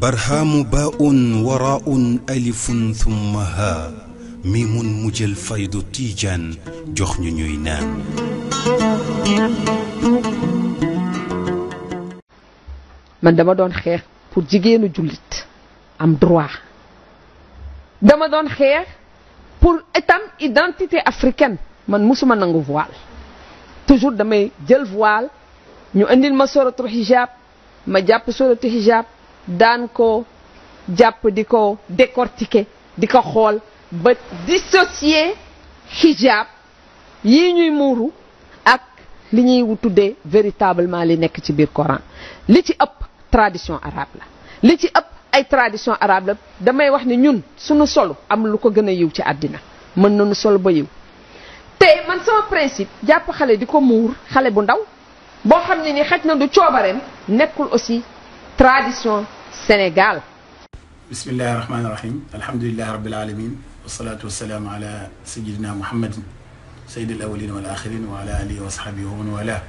barhaamu ba waraa'un alifun thumma haa miimun mu jël faydu tiijaan jox ñu ñuy naan. dama doon xeex pour jigéenu jullit am dama doon xeex pour itam identité africaine man musuma nangu voile. toujours damay jël voile ñu indil ma soratu hijab ma jàpp soratu hijab daan ko jàpp di ko décortiquer di ko xool ba dissocier hijab yii ñuy muuru ak li ñuy tuddee véritablement li nekk ci biir Coran li ci ëpp tradition arabe la li ci ëpp ay tradition arabe la damay wax ni ñun suñu solo am lu ko gën a yiw ci àddina mën nañu solo ba yiw façon principe jàpp xale diko ko xale bu ndaw bo xamni ni xaj du ciobarem nekul aussi tradition Sénégal bismillahir rahmanir rahim alhamdulillahi rabbil alamin wasalaatu wasalaamu ala sayidina muhammadin sayyidil awwalin wal akhirin wa ala alihi wa saxaabihi wa man wala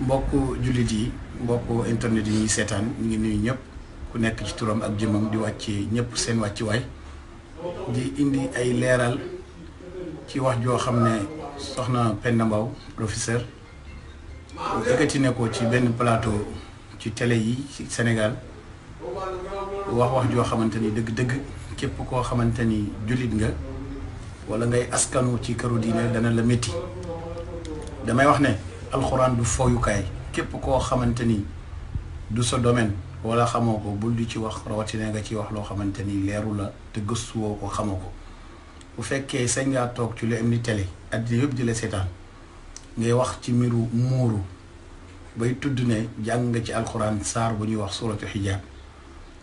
mbokk jullit yi mbokku internet yi setan seetaan ngi nuyu ñep ku nekk ci turam ak jëmmam di wacce ñep seen wacce way di indi ay leral ci wax jo xamne soxna Penda Mbaw professeur yëkkati ne ko ci benn plateau ci télé yi ci Sénégal wax wax joo xamante ni dëgg-dëgg képp koo xamante ni jullit nga wala ngay askanu ci këru diine dana la métti damay wax ne alxuraan du foyukaay képp koo xamante ni du sa domaine wala xamoo ko bul di ci wax rawatina nga ci wax loo xamante ni leeru la te gëstuwoo ko xamoo ko bu fekke sañ nga tok ci lu am ni télé di yëpp di la sétan ngay wax ci miru muru bay tudd ne jàng nga ci alquran sar bu ñu wax suratul hijab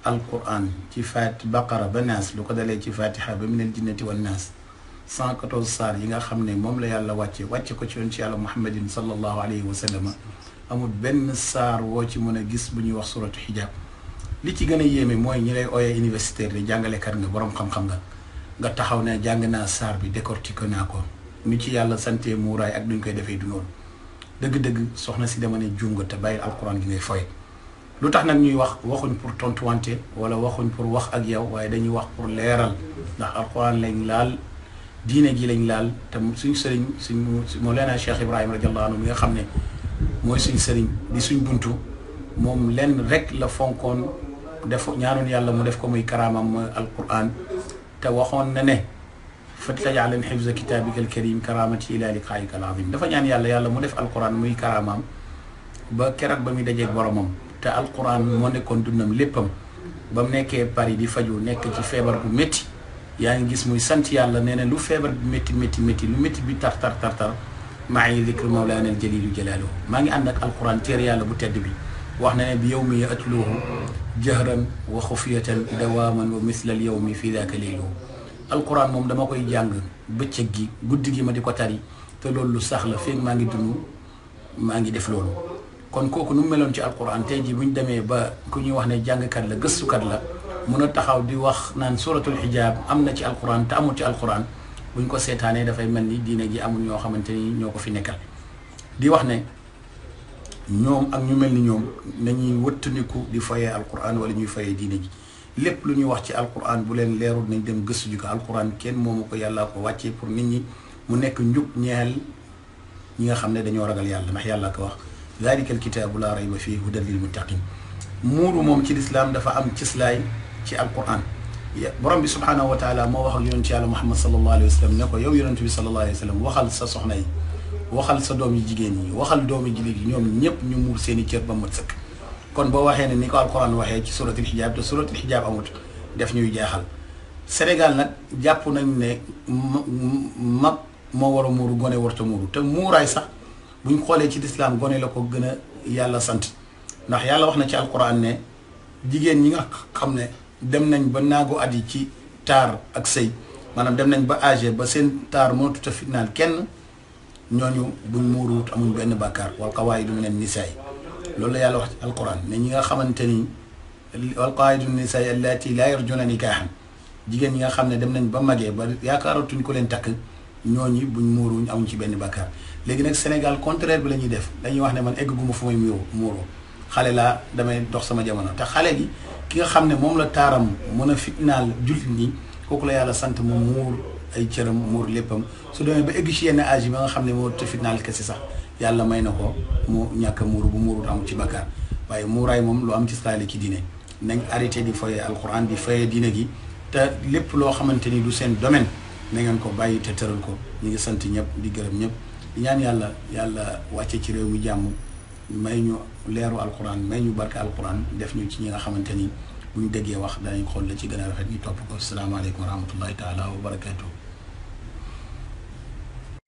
alquran ci fat baqara ba naas lu ko dalé ci fatiha ba al jinnati wan nas 114 sar yi nga xamne mom la yàlla wàcce wàcce ko ci yon ci yàlla muhammadin sallallahu alayhi wa sallam amul ben sar wo ci mëna gis bu ñu wax suratul hijab li ci gëna yéme moy ñi lay oyé universitaire ni jangalé kat nga borom xam-xam nga nga taxaw ne jàng naa saar bi décortiqué naa ko ñu ci yàlla sante muuraay ak duñ koy defee du noonu dëgg-dëgg soxna si dama ne juum te bàyyi alxuraan gi ngay foy lu tax nag ñuy wax waxuñ pour tontuwante wala waxuñ pour wax ak yow waaye dañuy wax pour leeral ndax alxuraan lañ laal diine gi lañ laal te suñ sëriñ suñ Mawlana Cheikh Ibrahima radiallahu anhu mi nga xam ne mooy suñ sëriñ suñ buntu moom lenn rek la fonkoon def ñaanoon yàlla mu def ko muy karaamam mooy alquran تواخون نني فتجعلن حفظ كتابك الكريم كرامتي الى لقائك العظيم دافا نان يعني يالا يالا مو ديف القران موي كرامام با كيرك بامي داجيك بوروم تا القران مو نيكون دونم ليبام بام نيكي باري دي فاجو نيك تي فيبر بو ميتي يعني جيس موي سانت يالا نينا لو فيبر ميتي ميتي ميتي لو ميتي بي تار تار تار تار معي ذكر مولانا الجليل جلاله ماغي عندك القران تير يالا بو تيد بي واحنا بيوم يأتلوه جهرا وخفية دواما ومثل اليوم في ذاك ليله القرآن موم داما كوي جانغ بتشغي غودغي ما ديكو تاري تو لول لو ساخلا فين ماغي دونو ماغي ديف لولو كون كوكو نو ميلون تي القرآن تي جي بون دامي با كوني واخ ني جانغ كات لا گستو دي واخ نان سورة الحجاب امنا تي القرآن تا امو تي القرآن بون كو سيتاني دا فاي ملني دينا جي امو ньо في نيكال دي واخ ñoom ak ñu mel ni ñoom nañuy wëttandiku di fayee alquran wala ñuy fayee diine ji lépp lu ñuy wax ci alquran bu leen leerul nañ dem gëstu ji ko alquran kenn moomu ko yàlla ko wàccee pour nit ñi mu nekk njub ñeel ñi nga xam ne dañoo ragal yàlla ndax yàlla ko wax dalika alkitaabu la rayba fii hudan lil muttaqin muuru moom ci lislaam dafa am cislaay ci alquran borom bi subhanahu wa taala moo wax ak yonent yàlla muhammad sallallahu alayhi wa sallam ne ko yow yonent bi sallallahu alayhi wa sallam waxal sa soxna yi waxal sa doom yu jigéen ñi waxal doomu jigéen yi ñoom ñëpp ñu muur seen i cër ba mat kon boo waxee ne ni ko waxee ci suratul xijaab te suratul xijaab amut def ñuy jeexal Sénégal nag jàpp nañ ne mag moo war a muuru gone warta muuru te muuraay sax buñ xoolee ci lislaam gone la ko gën a yàlla sant ndax yàlla wax na ci alxuraan jigéen ñi nga xam ne dem nañ ba naagu at ci taar ak sëy maanaam dem nañ ba age ba seen taar mënatut a fitnaal kenn ñooñu buñ muuruwut amuñ benn bakkar wal qawaidu min annisaay loolu la yàlla wax ci alquran ne ñi nga xamante ni wal qawaayidu min annisaay allati la yarjuna nikaahan jigéen ñi nga xam ne dem nañ ba magee ba yaakaaratuñ ko leen takk ñooñu buñ muuruwuñ amuñ ci benn bakkar léegi nag Sénégal contraire bi la ñuy def dañuy wax ne man egg gu fu may muuru muuroo xale laa damay dox sama jamono te xale gi ki nga xam ne moom la taaram mën a fitnaal jullit ñi kooku la yàlla sant mu muur ay cëram muur léppam su demee ba egg ci yenn âge yi ba nga xam ne moo te fitnaal kese sax yàlla may na ko mu ñàkk muuru bu muurul am ci bakkaar waaye muuraay moom lu am ci saali ci diine nañ arrêté di fayee alquran di fayee diine gi te lépp loo xamante ni du seen domaine na ngeen ko bàyyi te tëral ko ñu ngi sant ñëpp di gërëm ñëpp di ñaan yàlla yàlla wàcce ci réew mi jàmm may ñu leeru alquran may ñu barke alquran def ñu ci ñi nga xamante ni bu ñu déggee wax danañ xool la ci gën a rafet ñu topp ko salaamaaleykum wa rahmatullahi taala wa barakatuh